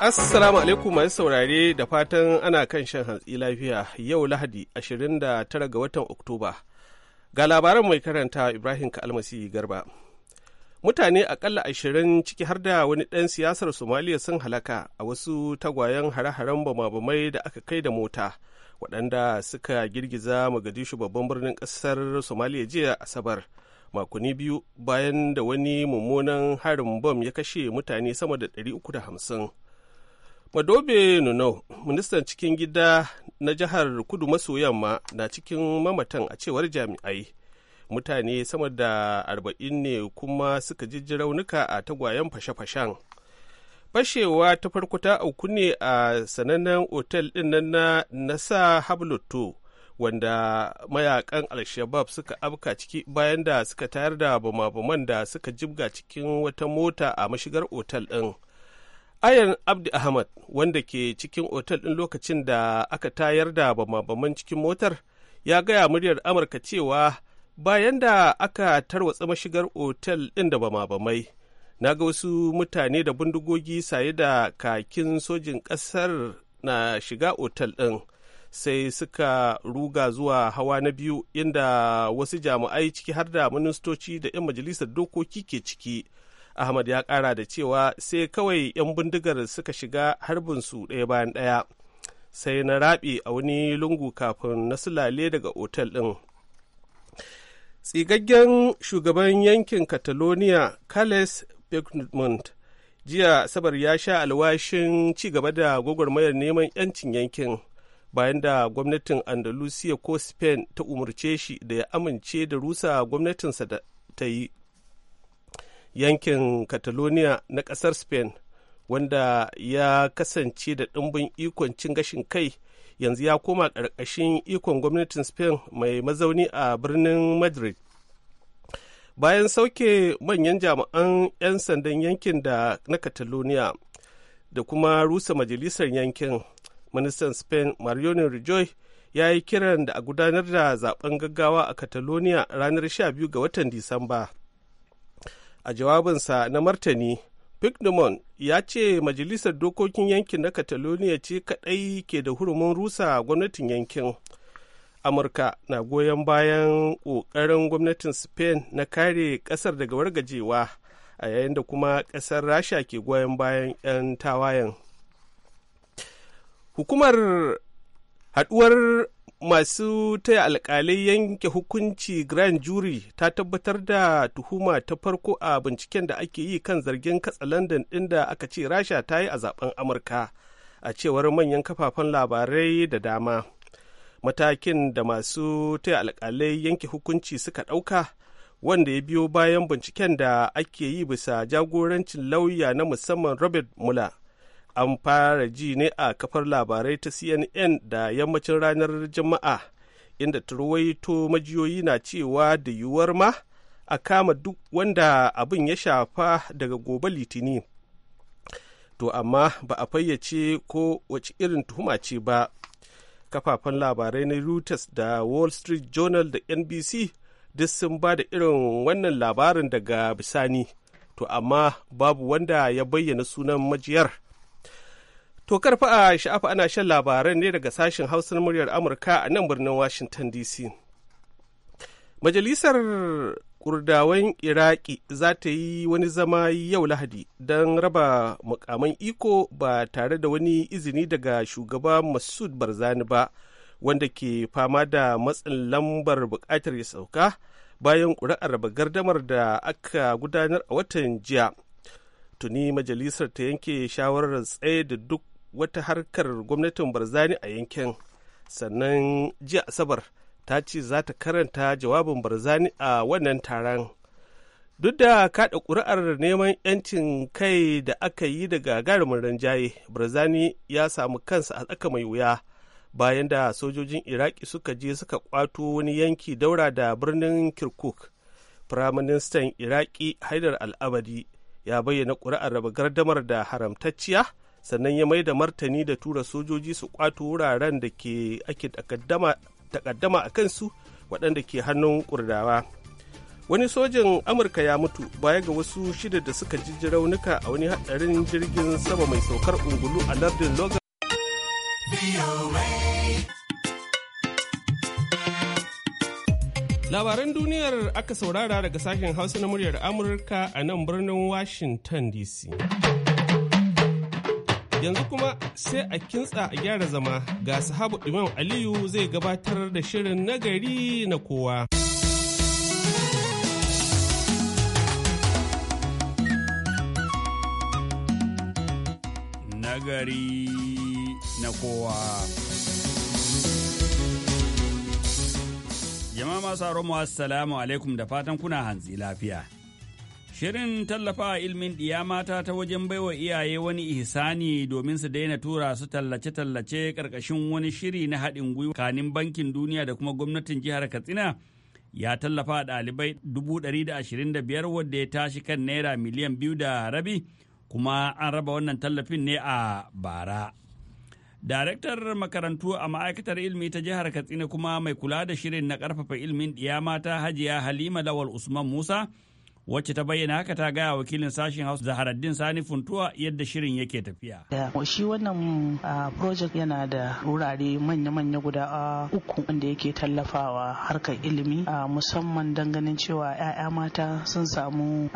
Assalamu alaikum masu saurare da fatan ana kan shan hantsi lafiya yau Lahadi 29 ga watan Oktoba. Ga labaran mai karanta Ibrahim Kalmasi Garba. Mutane akalla ashirin ciki har da wani ɗan siyasar Somaliya sun halaka a wasu tagwayen hare-haren bama-bamai da aka kai da mota waɗanda suka girgiza Mogadishu babban birnin ƙasar Somaliya jiya Asabar. makonni biyu bayan da wani mummunan harin bom ya kashe mutane sama da 350. Madobe Nuno, ministan cikin gida na jihar kudu maso yamma na cikin mamatan a cewar jami'ai. Mutane sama da arba'in ne kuma suka jijji raunuka a tagwayen fashe-fashen. Fashewa ta farko ta auku ne a sanannen otel ɗin na Nasa Hablotto, wanda mayakan Al-Shabab suka abka ciki bayan da suka tayar da bama-baman da suka jibga cikin wata mota a mashigar otal ɗin. Ayan Abdi Ahmad wanda ke cikin otal ɗin lokacin da aka tayar da bama cikin motar ya gaya muryar Amurka cewa bayan da aka tarwatsa mashigar otal ɗin da bama-bamai na ga wasu mutane da bindigogi saye da kakin sojin ƙasar na shiga otal ɗin sai suka ruga zuwa hawa na biyu inda wasu jami'ai ciki har da ministoci da 'yan majalisar dokoki ke ciki ahmad ya kara da cewa sai kawai 'yan bindigar suka shiga harbin su ɗaya bayan ɗaya sai na raɓe a wani lungu kafin na sulale daga otal ɗin tsigaggen shugaban yankin catalonia carles Puigdemont jiya sabar ya sha alwashin ci gaba da gwagwarmayar neman 'yancin yankin bayan da gwamnatin andalusiya ko spain ta umarce shi da ya amince da rusa gwamnatinsa ta yi yankin catalonia na ƙasar spain wanda ya kasance da ɗimbin ikon cin gashin kai yanzu ya koma ƙarƙashin ikon gwamnatin spain mai mazauni a birnin madrid bayan sauke manyan jami'an 'yan sandan yankin da na catalonia da kuma rusa majalisar yankin ministan spain mariano rejoy ya yi kiran da a gudanar da zaben gaggawa a catalonia ranar 12 ga watan disamba a jawabinsa na martani Pigdemont ya ce majalisar dokokin yankin na Catalonia ce kadai ke da hurumin rusa gwamnatin yankin. Amurka na goyon bayan ƙoƙarin gwamnatin Spain na kare ƙasar daga wargajewa a yayin da kuma ƙasar Rasha ke goyon bayan 'yan tawayen. Hukumar haɗuwar masu taya alkalai yanke hukunci grand jury ta tabbatar da tuhuma ta farko a binciken da ake yi kan zargin katsalandan ɗin da aka ce rasha ta yi a zaben amurka a cewar manyan kafafen labarai da dama matakin da masu taya alkalai yanke hukunci suka ɗauka wanda ya biyo bayan binciken da ake yi bisa jagorancin lauya na musamman robert muller. an fara ji ne a kafar labarai ta cnn da yammacin ranar jama'a inda turwaito majiyoyi na cewa da yiwuwar ma a kama duk wanda abin ya shafa daga gobe litini to amma ba a fayyace ko wace irin tuhuma ce ba kafafen labarai na reuters da wall street journal da nbc duk sun ba da irin wannan labarin daga bisani to amma babu wanda ya bayyana sunan majiyar To karfa a sha'afa ana shan labaran ne daga sashen Hausa muryar Amurka a nan birnin Washington DC. Majalisar Kurdawan Iraki za ta yi wani zama yau Lahadi don raba mukaman iko ba tare da wani izini daga shugaba Masud Barzani ba, wanda ke fama da matsin lambar bukatar ya sauka bayan ƙuri'ar raba gardamar da aka gudanar a watan jiya. tuni majalisar ta yanke shawarar tsaye da duk wata harkar gwamnatin barzani a yankin sannan jiya asabar ta ce za ta karanta jawabin barzani a wannan taron duk da kada ƙuri'ar neman 'yancin kai da aka yi daga gagarumin ranjaye barzani ya samu kansa a tsaka mai wuya bayan da sojojin iraki suka je suka kwato wani yanki daura da birnin kirkuk firaministan iraki haidar al'abadi ya bayyana ƙuri'ar raba gardamar da haramtacciya sannan ya mai da martani da tura sojoji su kwato wuraren da ke ake takaddama a kansu waɗanda ke hannun kurdawa wani sojin amurka ya mutu baya ga wasu shida da suka ji raunuka a wani haɗarin jirgin sama mai saukar ungulu a lardin logan labaran duniyar aka saurara daga sashen hausa na muryar amurka a nan birnin washington dc Yanzu kuma sai a kintsa a gyara zama ga sahabu Imam Aliyu zai gabatar da shirin nagari na kowa. Nagari na kowa. Jama'a masu mu assalamu alaikum da fatan kuna hanzi lafiya. Shirin tallafa ilmin ɗiya mata ta wajen baiwa iyaye wani ihsani domin su daina tura su tallace-tallace ƙarƙashin wani shiri na haɗin gwiwa kanin bankin duniya da kuma gwamnatin jihar Katsina ya tallafa ɗalibai da 125 wadda ya tashi kan naira miliyan biyu da rabi kuma an raba wannan tallafin ne a bara. Daraktar makarantu a ma'aikatar ilmi ta jihar Katsina kuma mai kula da shirin na ƙarfafa ilmin ɗiya mata Hajiya Halima Lawal Usman Musa. wacce ta bayyana haka ta gaya wakilin sashen hausa zaharaddin sani funtuwa yadda shirin yake tafiya shi wannan project yana da wurare manya-manya guda uku wanda yake tallafawa harkar ilimi musamman danganin cewa 'ya'ya mata sun samu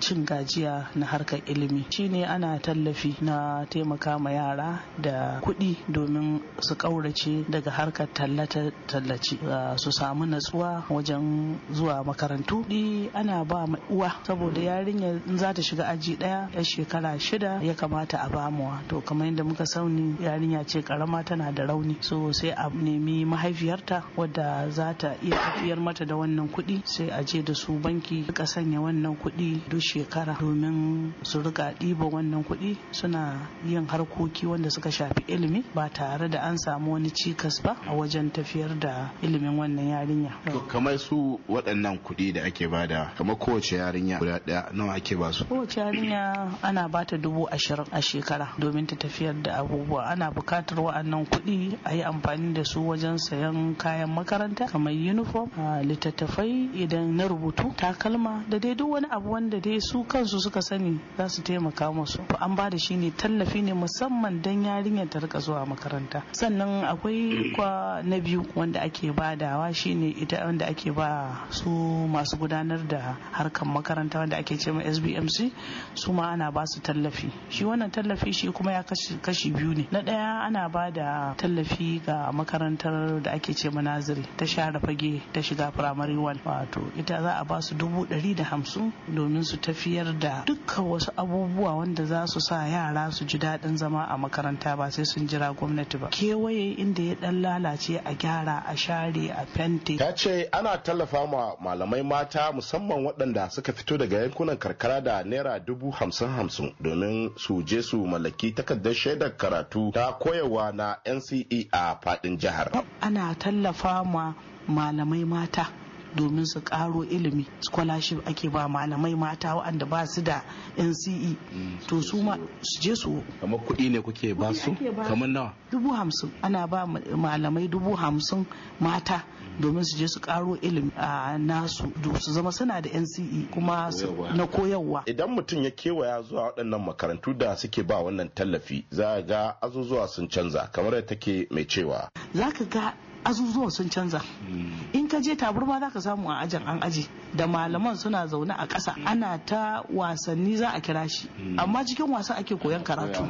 cin gajiya na harkar ilimi shine ana tallafi na taimaka ma yara da kuɗi domin su ƙaurace daga harkar tallata tallace su samu natsuwa wajen zuwa makarantu ana ba mu uwa saboda yarinya in za ta shiga aji daya ya shekara shida ya kamata a bamuwa to kamar yadda muka sauni yarinya ce karama tana da rauni so sai a nemi mahaifiyarta wadda za ta iya tafiyar mata da wannan kuɗi sai a je da su banki ka sanya wannan kuɗi duk shekara domin su rika ɗiba wannan kuɗi suna yin harkoki wanda suka shafi ilimi ba tare da an samu wani cikas ba a wajen tafiyar da ilimin wannan yarinya. To kamar su waɗannan kuɗi da ake bada kamar kowace yarinya guda ɗaya nawa ake ba su kowace yarinya ana ba ta dubu ashirin a shekara domin ta tafiyar da abubuwa ana bukatar wa'annan kuɗi a yi amfani da su wajen sayan kayan makaranta kamar uniform littattafai idan na rubutu takalma da dai duk wani abu wanda dai su kansu suka sani za su taimaka musu an ba da shi ne tallafi ne musamman don yarinya ta rika zuwa makaranta sannan akwai kwa na biyu wanda ake badawa shine ita wanda ake ba su masu gudanar da harkar makaranta wanda ake ce ma sbmc su ma ana ba su tallafi shi wannan tallafi shi kuma ya kashi biyu ne na ɗaya ana ba da tallafi ga makarantar da ake ce ma naziri ta share fage ta shiga firamare wan wato ita za a ba su dubu ɗari da hamsin domin su tafiyar da dukkan wasu abubuwa wanda za su sa yara su ji daɗin zama a makaranta ba sai sun jira gwamnati ba kewaye inda ya ɗan lalace a gyara a share a fente ta ce ana tallafa ma malamai mata musamman waɗanda suka fito daga yankunan karkara da naira dubu hamsin hamsin domin su je su mallaki takardar shaidar karatu ta koyarwa na nce a faɗin jihar ana tallafa ma malamai mata domin su karo ilimi scholarship ake ba malamai mata waɗanda ba su da nce mm. to su ma su je su kamar kuɗi ne kuke ba su kamar nawa dubu hamsin ana ba malamai dubu hamsin mata mm. domin su je su karo ilimi a nasu su zama suna da nce kuma na koyarwa idan mutum ya kewaya zuwa waɗannan makarantu da suke ba wannan tallafi za ga azuzuwa sun canza kamar da take mai cewa za ka ga azuzuwan sun canza hmm. in ka je taburma za ka samu a ajin an aji da malaman suna zaune a ƙasa ana ta wasanni za a kira shi hmm. amma cikin wasa ake koyan karatu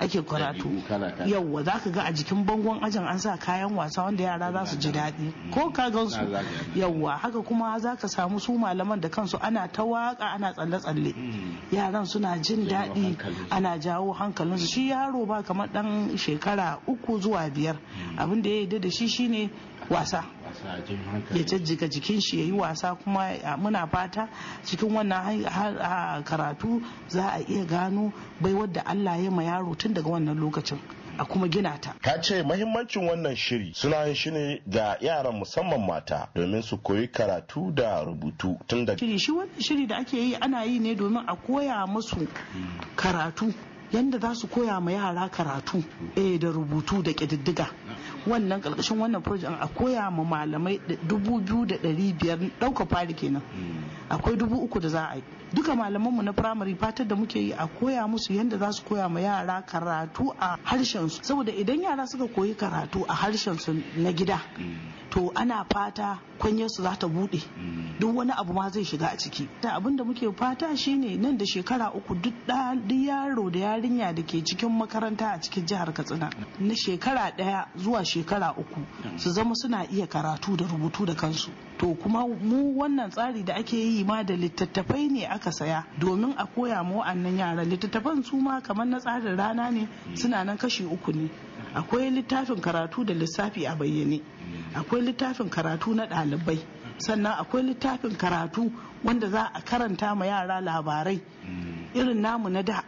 ake karatu yauwa za ka ga a jikin bangon ajin an sa kayan wasa wanda yara za su ji daɗi ko ka gansu yauwa haka kuma za ka samu su malaman da kansu ana ta waka ana tsalle-tsalle hmm. yaran suna jin daɗi ana jawo hankalinsu shi yaro ba kamar ɗan shekara uku zuwa biyar hmm. abin da ya yi da shi shine wasa ya jijjiga jikin shi ya yi wasa kuma muna fata cikin wannan karatu za a iya gano bai wadda Allah ya ma yaro tun daga wannan lokacin a kuma gina ta. Ka ce mahimmancin wannan shiri suna shi ne ga yaran musamman mata domin su koyi karatu da rubutu tun da. Shiri shi wannan shiri da ake yi ana yi ne domin a koya musu karatu yadda za su koya ma yara karatu eh da rubutu da ƙididdiga wannan karkashin wannan project a koya ma malamai dubu biyu da ɗari biyar ɗauka fari kenan hmm. akwai dubu uku da za a yi duka malamanmu na firamare fatar da muke yi a koya musu yadda za su koya ma yara karatu a harshen su saboda idan yara suka koyi karatu a harshen su na gida hmm. to ana fata kwanyar su za ta bude hmm. duk wani abu ma zai shiga a ciki ta abin da muke fata shine nan da shekara uku duk yaro da yarinya da ke cikin makaranta a cikin jihar katsina na shekara ɗaya zuwa shekara uku mm. su zama suna iya karatu da rubutu da kansu to kuma mu wannan tsari da ake yi ma da littattafai ne aka saya domin a koya mu wa'annan yara littattafan su ma kamar na tsarin rana ne mm. suna nan kashi uku ne akwai littafin karatu da lissafi a bayyane mm. akwai littafin karatu na ɗalibai sannan akwai littafin karatu wanda za a karanta ma yara labarai irin namu na da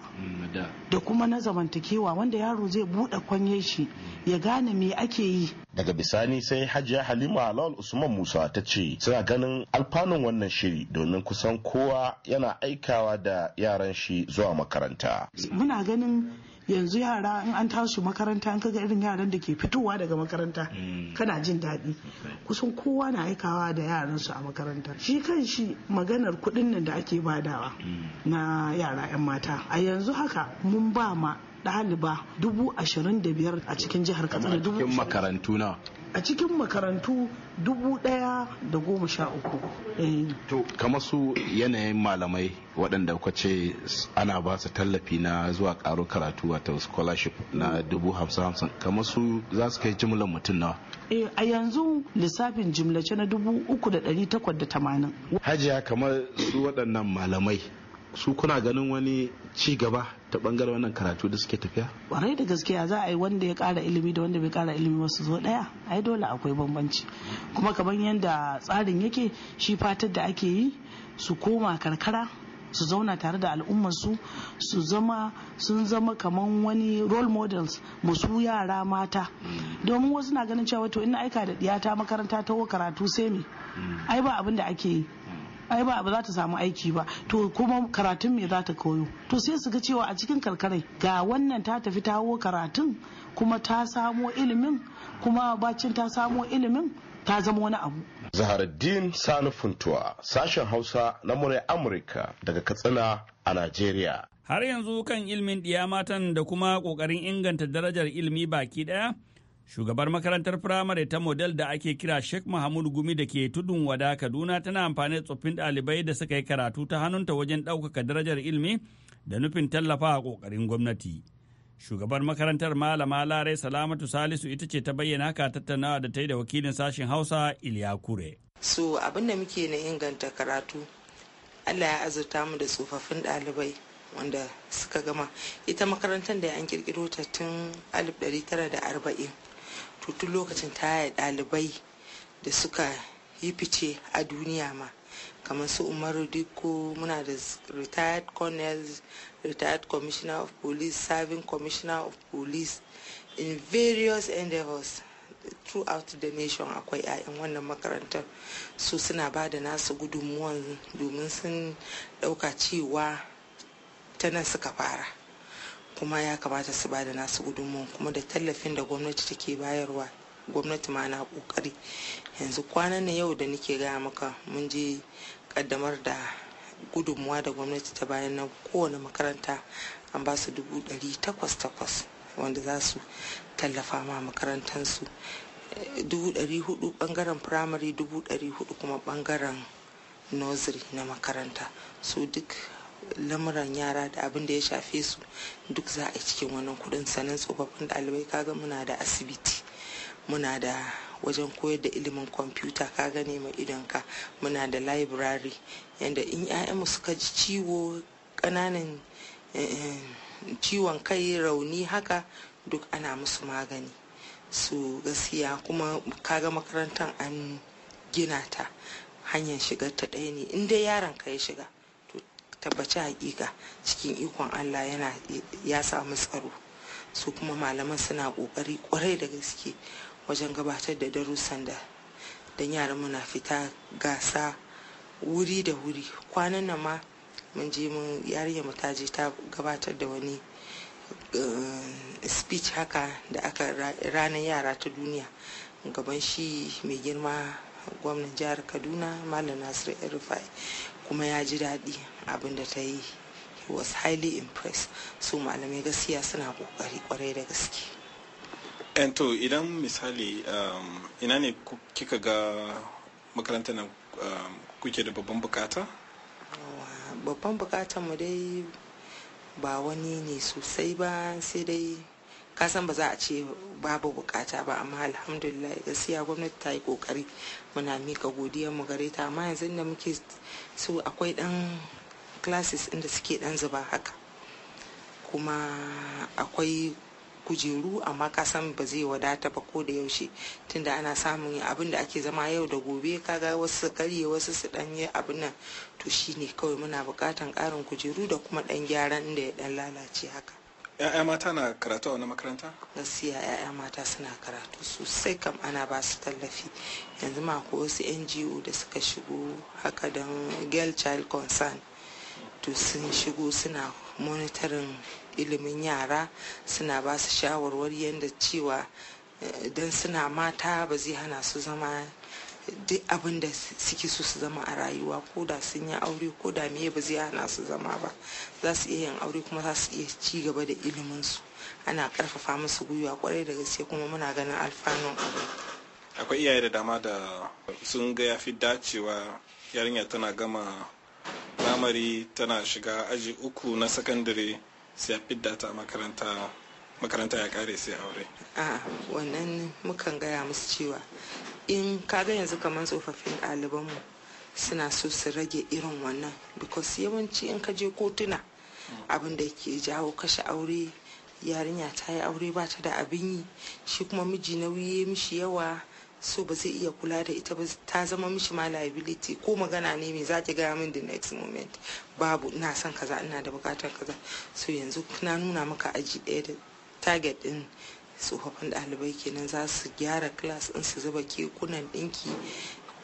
da kuma na zamantakewa wanda yaro zai buɗe kwanye shi ya gane me ake yi daga bisani sai hajiya halima lawal usman musa ta ce suna ganin alfanun wannan shiri domin kusan kowa yana aikawa da yaran shi zuwa makaranta muna ganin yanzu yara in an tasu makaranta an kaga irin yaran da ke fitowa daga makaranta mm. kana jin daɗi kusan kowa na aikawa da yaransu a makaranta shi kan shi maganar kuɗin nan da ake badawa mm. na yara 'yan mata a yanzu haka mun ba ma ɗaliba dubu ashirin da biyar a cikin jihar katsina dubu cikin makarantu na a cikin makarantu dubu ɗaya da goma sha uku eh. to kamar su yanayin malamai waɗanda kuka ce ana ba su tallafi na zuwa ƙaro karatu wato scholarship na dubu hamsin hamsin kamar su za su kai jimlar mutum na. Eh, a yanzu lissafin jimlace na dubu uku da ɗari takwas da tamanin hajiya kamar su waɗannan malamai su kuna ganin wani ci gaba ta bangaren wannan karatu da suke tafiya? Kwarai da gaskiya za a yi wanda ya kara ilimi da wanda bai kara ilimi wasu zo daya ai dole akwai bambanci kuma kamar yadda tsarin yake shi fatar da ake yi su koma karkara su zauna tare da al'ummarsu su zama sun zama kaman wani role models masu yara mata domin wasu na ganin cewa to ina aika da diyata makaranta ta karatu sai me mm. ai ba abin da ake yi ai ba ba za ta samu aiki ba to kuma karatun me za ta koyo to sai su ga cewa a cikin karkarai ga wannan ta tafi ta hawo karatun kuma ta samo ilimin kuma bacin ta samo ilimin ta zama wani abu zaharuddin sani funtuwa sashen hausa na murai amurka daga katsina a najeriya har yanzu kan ilimin ɗiya matan da kuma ƙoƙarin inganta darajar ilimi baki ɗaya Shugabar makarantar firamare ta model da ake kira Sheikh Mahamud Gumi da ke tudun wada Kaduna tana amfani da tsoffin ɗalibai da suka yi karatu ta hannunta wajen ɗaukaka darajar ilimi da nufin tallafa a ƙoƙarin gwamnati. Shugabar makarantar Malama larai Salamatu Salisu ita ce ta bayyana haka tattaunawa da ta yi da wakilin sashen Hausa Iliya Kure. So abin da muke na inganta karatu Allah ya azurta mu da tsofaffin ɗalibai wanda suka gama ita makarantar da an kirkiro ta tun 1940 to lokacin ta yaya ɗalibai da suka yi fice a duniya ma kamar su umaru diko muna da retired Colonel retired commissioner of police serving commissioner of police in various endeavors throughout the nation akwai 'ya'yan wannan makarantar su suna ba da nasu gudunmuwan domin sun dauka cewa tana suka fara kuma ya kamata su ba da nasu gudunmu kuma da tallafin da gwamnati take bayarwa gwamnati ma na kokari yanzu kwanan na yau da nake gaya maka mun je kaddamar da gudunmuwa da gwamnati ta bayan na kowane makaranta an ba su dubu ɗari takwas takwas wanda za su tallafa ma makarantansu dubu ɗari hudu bangaren firamare dubu ɗari hudu kuma bangaren nursery na makaranta su duk lamuran yara da abin da ya shafe su duk za a yi cikin wannan kudin sanin tsofaffin ɗalibai kaga muna da asibiti muna da wajen koyar da ilimin kwamfuta ka gane mai idonka muna da library yadda in yayan 'ya'yanmu suka ji ciwo ƙananan eh, eh, ciwon kai rauni haka duk ana musu magani su gaskiya kuma kaga makarantar an gina ta hanyar shigar ta ɗaya ne in dai yaron ka ya shiga tabbaci hakika cikin ikon allah yana ya samu tsaro su kuma malaman suna kokari kwarai da gaske wajen gabatar da darussan da dan yaran muna fita gasa wuri da wuri kwanan nan ma mun je mun yarinya mu ta je ta gabatar da wani eh, speech haka da aka ranar yara ta duniya gaban shi mai girma gwamnan jihar kaduna malam nasiru el kuma ya ji daɗi abinda ta yi he was highly impressed su malamai gaskiya suna kokari kwarai da gaske to idan misali um, ina ne kika ga makarantar na um, kuke da babban bukata babban bukatan mu dai ba wani ne sosai ba sai dai kasan ba za a ce babu bukata ba amma alhamdulillah gaskiya gwamnati ta yi kokari muna mika godiyar mu gare ta amma yanzu da muke so akwai dan classes inda suke dan zuba haka kuma akwai kujeru amma kasan ba zai wadata ba ko da yaushe tunda ana samun abin da ake zama yau da gobe kaga wasu su karye wasu su dan yi abin nan to shine kawai muna bukatan karin kujeru da kuma dan gyaran inda ya dan lalace haka 'ya'ya mata na karatu a wani makaranta gaskiya 'ya'ya mata suna karatu sosai kam ana ba su tallafi yanzu ma ko wasu ngo da suka shigo haka don girl child concern to sun shigo suna monitoring ilimin yara suna ba su shawarwari yadda cewa eh, don suna mata ba zai hana su zama duk abin da suke so su zama a rayuwa ko da sun yi aure ko da meye ba zai hana su zama ba za su iya yin aure kuma za su iya ci gaba da ilimin su ana karfafa musu gwiwa kwarai da gaske kuma muna ganin alfanun abu akwai iyaye da dama da sun ga yafi dacewa yarinya tana gama lamari tana shiga aji uku na sakandare sai a fidda ta makaranta makaranta ya kare sai aure a wannan mukan gaya musu cewa in kaga yanzu kamar tsofaffin ɗalibanmu suna so su rage irin wannan because yawanci in ka je kotuna abin da ke jawo kashe aure yarinya ta yi aure ba ta da abin yi shi kuma miji nauyi ya mishi yawa so ba zai iya kula da ita ba ta zama mishi ma liability ko magana ne mai zaki gaya min the next moment babu ina son kaza ina da bukatar kaza so yanzu na nuna maka aji ɗaya da target din tsofaffin ɗalibai kenan za su gyara class in su zuba kekunan dinki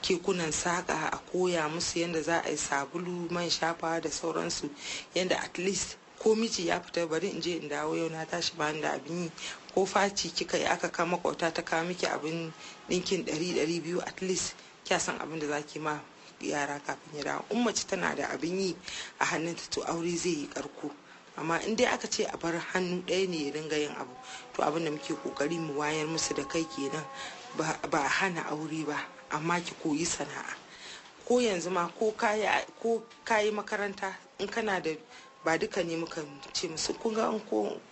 kekunan saka a koya musu yadda za a yi sabulu man shafawa da sauransu yadda at least ko miji ya fita bari in je in dawo yau na tashi bani da abin yi ko faci kika yi aka kama kwauta ta kawo miki abin dinkin dari dari biyu at least kya san abin da za ki ma yara kafin ya dawo in mace tana da abin yi a hannunta to aure zai yi ƙarko amma in dai aka ce a bar hannu ɗaya ne ya dinga yin abu to abin da muke kokari mu wayar musu da kai kenan ba a hana aure ba amma ki koyi sana'a ko yanzu ma ko kayi makaranta in kana da ba duka ne muka ce musu kun ga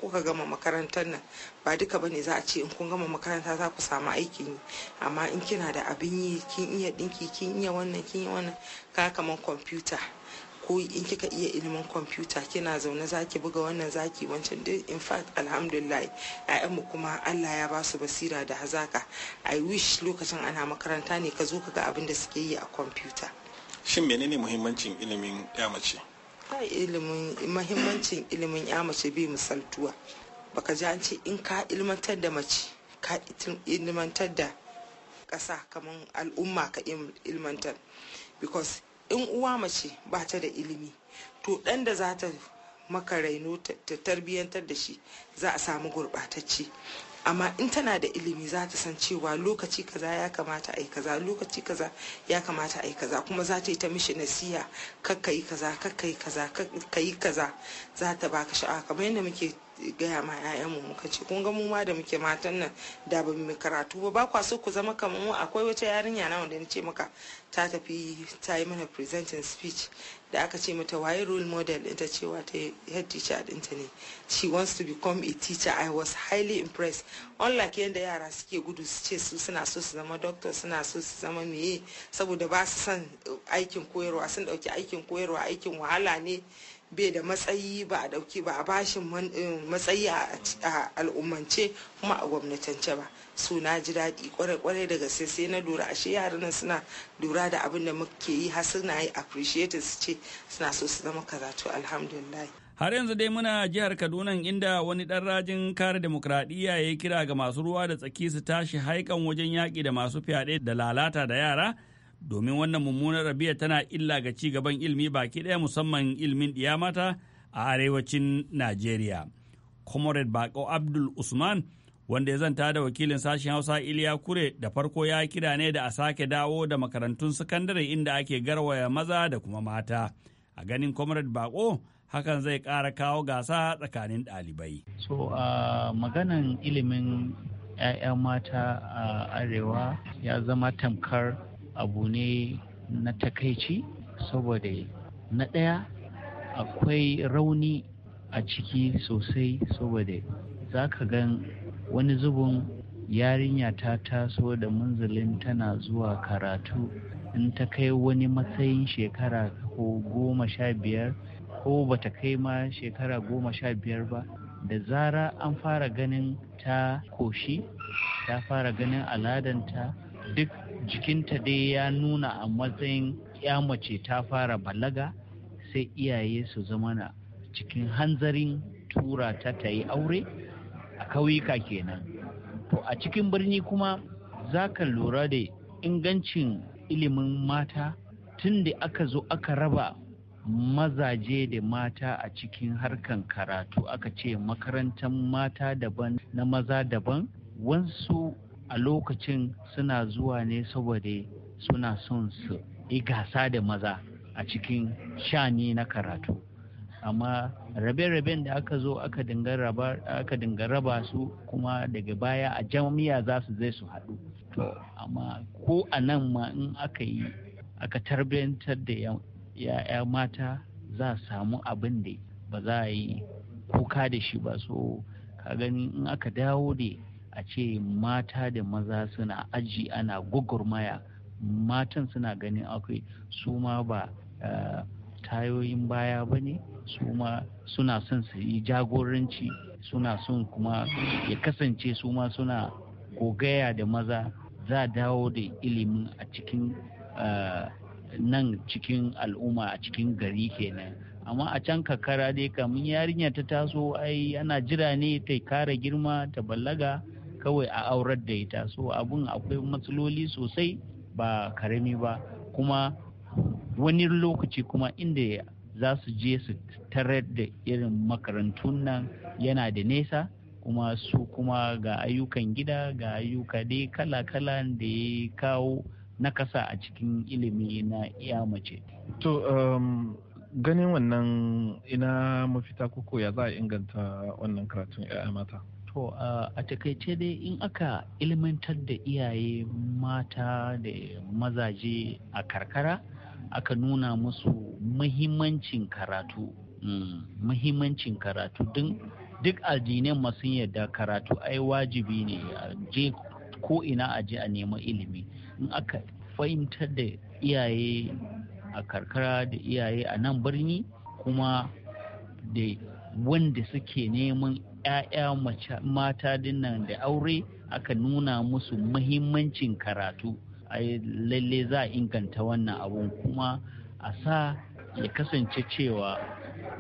kuka gama makarantar nan ba duka ba ne za a ce in kun gama makaranta za ku samu aikin yi amma in kina da abin yi kin iya dinki kin iya wannan kin iya wannan ka kaman kwamfuta ko in kika iya ilimin kwamfuta kina zaune zaki buga wannan zaki wancan duk in fact alhamdulillah mu kuma Allah ya basu basira da hazaka i wish lokacin ana makaranta ne ka zo ka ga abin da suke yi a kwamfuta shin menene muhimmancin ilimin ya mace ilimin muhimmancin ilimin ya mace bai misaltuwa baka ji an ce in ka ilmantar da mace ka ilmantar da ƙasa kamar al'umma ka ilmantar because in uwa mace ba ta da ilimi to ɗan da za ta maka raino ta tarbiyyantar da shi za a samu gurɓatacce amma in tana da ilimi za ta san cewa lokaci kaza ya kamata a yi kaza lokaci kaza ya kamata a yi kaza kuma za ta yi ta mishi nasiya kakka yi kaza kakka yi kaza kakka yi kaza za ta baka sha'awa kamar yadda muke gaya ma mu muka ce kun ga mu ma da muke matan nan da ba mu karatu ba ba kwa so ku zama kamar mu akwai wata yarinya na wanda ce maka ta tafi ta yi mana presenting speech da aka ce mata waye role model ta cewa ta head teacher ɗinta ne she wants to become a teacher i was highly impressed unlike yadda yara suke gudu su ce su suna so su zama doctor suna so su zama meye saboda ba su son aikin koyarwa sun ɗauki aikin koyarwa aikin wahala ne bai da matsayi ba a dauki ba a bashin eh, matsayi a al'ummance kuma a gwamnatance ba su na ji daɗi kwarai-kwarai da sai na lura ashe yaran suna lura da abin da muke yi har suna yi appreciated su ce suna so su zama karatu alhamdulillah har yanzu dai muna jihar kaduna inda wani ɗan rajin kare demokradiyya ya kira ga masu ruwa da tsaki su tashi haikan wajen yaki da masu fyaɗe da lalata da yara domin wannan mummunar rabiya tana illa ga ci gaban ilmi baki ɗaya musamman ilmin mata a arewacin Najeriya. Comrade Bako Abdul Usman wanda ya zanta da wakilin sashen Hausa Iliya Kure da farko ya kira ne da a sake dawo da makarantun sakandare inda ake garwaya maza da kuma mata. A ganin Comrade Bako hakan zai ƙara kawo gasa tsakanin ɗalibai. So uh, maganan ilimin 'ya'ya mata a arewa ya zama tamkar abu ne na takaici saboda na ɗaya akwai rauni a ciki sosai saboda za ka gan wani zubin yarinya ta taso da munzulin tana zuwa karatu in ta kai wani matsayin shekara ko goma sha biyar ko bata kai ma shekara goma sha biyar ba da zara an fara ganin ta koshi ta fara ganin aladanta duk jikinta dai ya nuna a matsayin ya mace ta fara balaga sai iyaye su zama cikin hanzarin tura ta ta yi aure a kauyuka kenan to a cikin birni kuma za ka lura da ingancin ilimin mata tun da aka zo aka raba mazaje da mata a cikin harkan karatu aka ce makarantar mata daban na maza daban wansu a lokacin suna zuwa ne saboda suna son su yi gasa da maza a cikin shani na karatu amma rabe-raben da aka zo aka dinga raba su kuma daga baya a jami'a za su zai su haɗu amma ko a nan ma in aka yi aka tarbiyantar da ya'ya mata za samu abin da ba za a yi kuka da shi ba so ka gani in aka dawo da a ce mata da maza suna aji ana gwagwarmaya matan suna ganin akwai su ma ba eh, tayoyin baya ba ne su ma suna son su yi jagoranci suna son kuma ya kasance su ma suna gogaya da maza za dawo da ilimin a cikin eh, nan cikin al'umma a cikin gari kenan amma a can kakara dai kamun yarinya ta taso ai ana jira ne ta kara girma ta ballaga kawai a aurar da ita so abun akwai matsaloli sosai ba karami ba kuma wani lokaci kuma inda za su je su tarar da irin makarantun nan yana da nesa kuma su kuma ga ayyukan gida ga ayyuka dai kala-kala da ya kawo nakasa a cikin ilimi na iya mace. To um, ganin wannan ina mafita koko ya za a inganta wannan karatun ya mata? To a takaice dai in aka ilmantar da iyaye mata da mazaje a karkara aka nuna musu mahimmancin karatu. Mahimmancin mm, karatu duk addinai masu yadda karatu ai wajibi ne a je ko ina a je a nema ilimi. In aka fahimtar da iyaye a karkara da iyaye a nan birni kuma da wanda suke neman 'ya'ya mata nan da aure aka nuna musu mahimmancin karatu lalle za a inganta wannan abun kuma a sa ya kasance cewa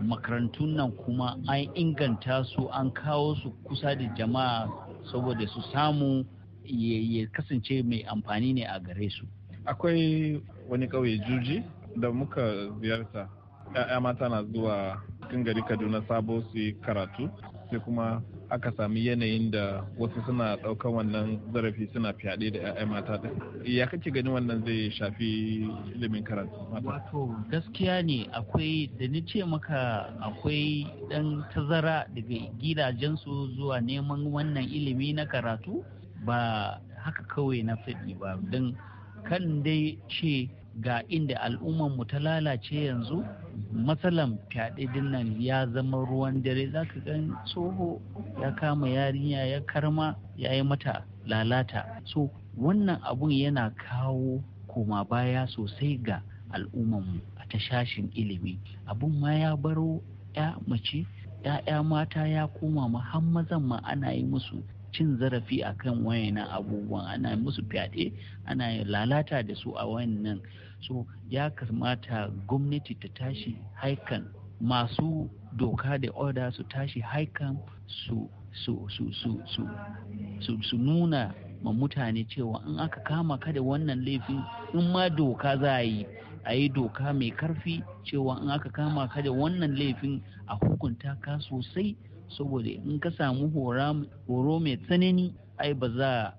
makarantun nan kuma an inganta su an kawo su kusa da jama'a saboda su samu ya kasance mai amfani ne a gare su akwai wani kauye juji da muka ziyarta 'ya'ya mata na zuwa cikin gari kaduna sabo su yi karatu sai kuma aka sami yanayin da wasu suna ɗaukan wannan zarafi suna fyaɗe da 'ya'ya mata ɗin ya kake gani wannan zai shafi ilimin karatu wato gaskiya ne akwai da ni ce maka akwai ɗan tazara daga gidajensu zuwa neman wannan ilimi na karatu ba haka kawai na faɗi ba don kan dai ce ga inda al'ummar mu ta lalace yanzu matsalan fyaɗe din nan ya zama ruwan dare za ka gan tsoho ya kama yarinya ya karma ya yi mata lalata so wannan abun yana kawo koma baya sosai ga al'ummanmu a ta shashin ilimi abun ma ya baro ya mace ya'ya mata ya koma ma har mazan ma ana yi musu cin zarafi a kan wayannan abubuwan ana musu fyaɗe ana lalata da su a wayannan so ya kamata gwamnati ta tashi haikan masu doka da oda su tashi haikan su su nuna ma mutane cewa in aka kama ka da wannan laifin in ma doka za a yi a yi doka mai karfi cewa in aka kama ka da wannan laifin a hukunta ka sosai saboda in ka samu horo mai tsanani ai ba za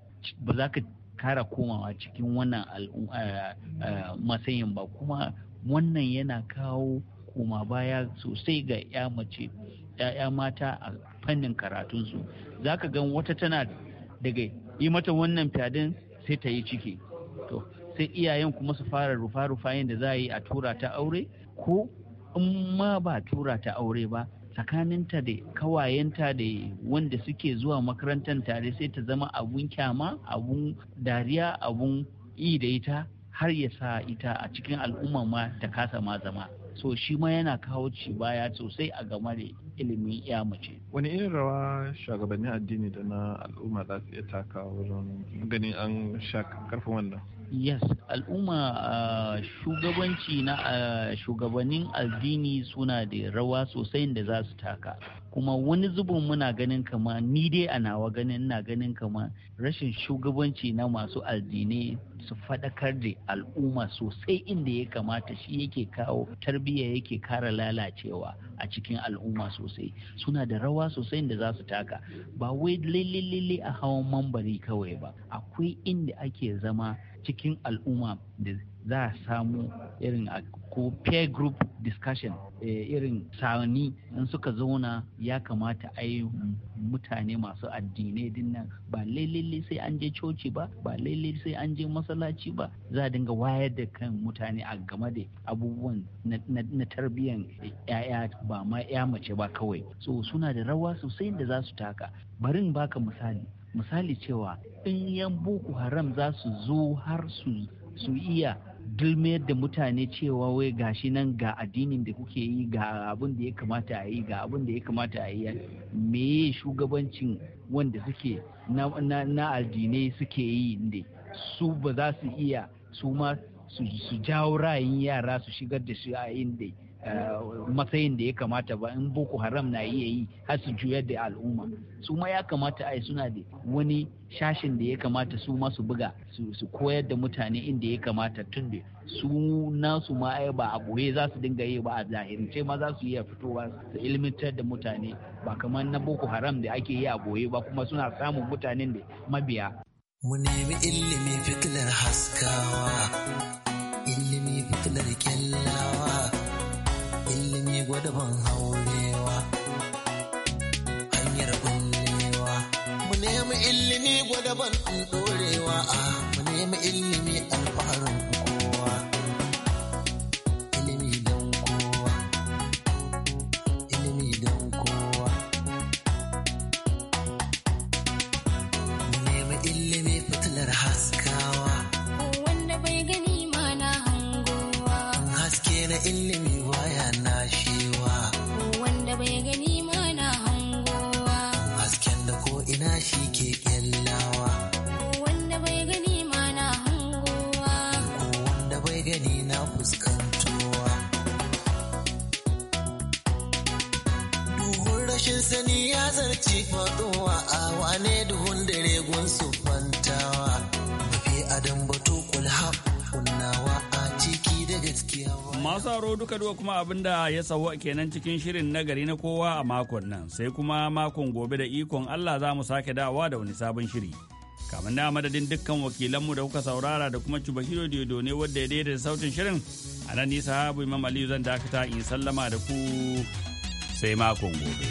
ka kara komawa cikin wannan eh, eh, matsayin ba kuma wannan yana kawo koma baya sosai ga ya mace ya'ya mata a fannin karatunsu za ka gan wata tana daga yi mata wannan fyadin sai ta yi ciki to sai iyayen kuma su fara rufa-rufayen da za a yi a tura ta aure ko in ma ba tura ta aure ba tsakaninta da kawayenta da wanda suke zuwa makarantar tare sai ta zama abun kyama abun dariya abun yi da ita har ya sa ita a cikin al'umma ma ta kasa ma zama so shi ma yana kawo ci baya sosai a game da ilimin ya mace. Wani irin rawa shugabannin addini da na al'umma za su iya taka wurin ganin an sha karfin wannan? yes al'umma shugabanci na shugabannin addini suna da rawa sosai da za su taka kuma wani zubin muna ganin kama ni dai a nawa ganin na ganin kama rashin shugabanci na masu addinai su faɗakar da al'umma sosai inda ya kamata shi yake kawo tarbiyya yake kara lalacewa a cikin al'umma sosai suna da rawa sosai da za su taka ba wai lalle-lalle a hawan mambari kawai ba akwai inda ake zama cikin al'umma da za a samu irin a ko peer group discussion eh, irin sani in suka zauna ya kamata a yi mutane masu addinai dinnan ba lalle sai an je coci ba ba lalle sai an je masallaci ba za a dinga wayar da kan mutane a game da abubuwan na tarbiyyar yaya ba ma ya mace ba kawai so suna da rawa sosai da za su taka barin baka misali misali cewa in yan boko haram za su zo har su iya dulmayar da mutane cewa wai gashi nan ga addinin da kuke yi ga abin da ya kamata a yi ga abin da ya kamata a yi meye shugabancin wanda suke na addinai suke yi inda su ba za su iya su ma su jawo ra'ayin yara su shigar da shi a inda Eh, matsayin da ya kamata ba in boko haram na iya yi har su juyar da al'umma su ma ya kamata ai suna da wani shashin da ya kamata su ma su buga su koyar da mutane inda ya kamata tun da su nasu ma ai ba a boye za su dinga yi ba a zahirce ma za su iya fitowa su ilmitar da mutane ba kamar na boko haram da ake yi a boye ba kuma suna samun mutanen da mabiya mu nemi ilimi fitilar haskawa ilimi fitilar kyallawa ilimi gwadabin haurewa hanyar bullewa mu nemi ilimi gwadabin dorewa a ah, mu nemi ilimi alfaharin zarci faduwa a wane duhun dare su fantawa adam batu kulha kunnawa a ciki da gaskiya masu aro duka duka kuma abinda ya sauwa kenan cikin shirin na gari na kowa a makon nan sai kuma makon gobe da ikon Allah za mu sake dawa da wani sabon shiri kamar na madadin dukkan wakilanmu da kuka saurara da kuma Chubahiro Diodo ne wadda ya daidaita sautin shirin a nan nisa habu Imam Aliyu zan dakata in sallama da ku sai makon gobe.